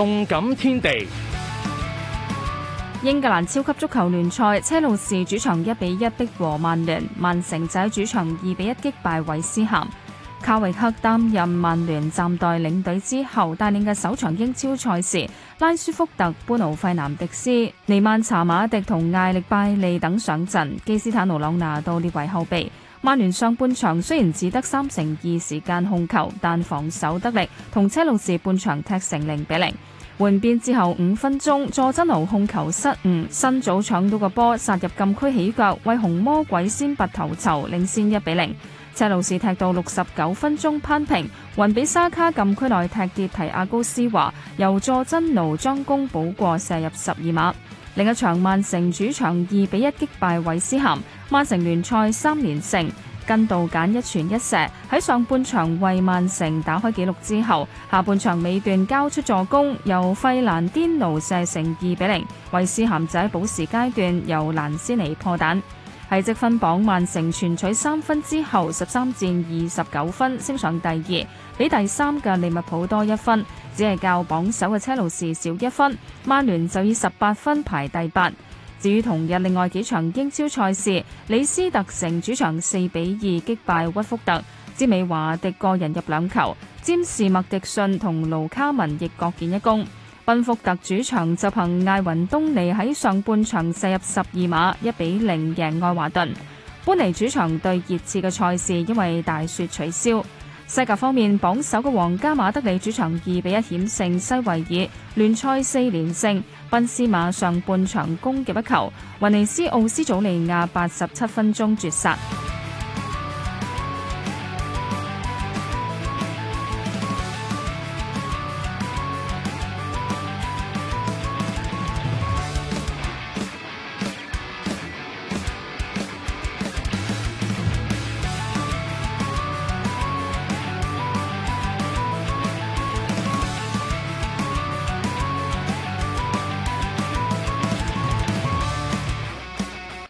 動感天地。英格蘭超級足球聯賽，車路士主場一比一逼和曼聯，曼城仔主場二比一擊敗韋斯咸。卡維克擔任曼聯暫代領隊之後，帶領嘅首場英超賽事，拉舒福特、般奴費南迪斯、尼曼查馬迪同艾力拜利等上陣，基斯坦奴朗拿度列為後備。曼聯上半場雖然只得三成二時間控球，但防守得力，同車路士半場踢成零比零。換邊之後五分鐘，佐真奴控球失誤，新早搶到個波殺入禁區起腳，為紅魔鬼先拔頭籌，領先一比零。車路士踢到六十九分鐘扳平，雲比沙卡禁區內踢跌提阿高斯華，由佐真奴將功補過射入十二碼。另一場曼城主場二比一擊敗韋斯咸，曼城聯賽三連勝。根度簡一傳一射喺上半場為曼城打開紀錄之後，下半場尾段交出助攻，由費蘭甸奴射成二比零。韋斯咸仔補時階段由蘭斯尼破蛋。喺積分榜，曼城全取三分之後，十三戰二十九分，升上第二，比第三嘅利物浦多一分，只係較榜首嘅車路士少一分。曼聯就以十八分排第八。至於同日另外幾場英超賽事，李斯特城主場四比二擊敗屈福特，詹美華迪個人入兩球，詹士麥迪遜同盧卡文亦各建一功。溫福特主場就憑艾云東尼喺上半場射入十二碼，一比零贏愛華頓。般尼主場對熱刺嘅賽事因為大雪取消。西甲方面，榜首嘅皇家馬德里主場二比一險勝西維爾，聯賽四連勝，賓斯馬上半場攻入一球，威尼斯奧斯祖利亞八十七分鐘絕殺。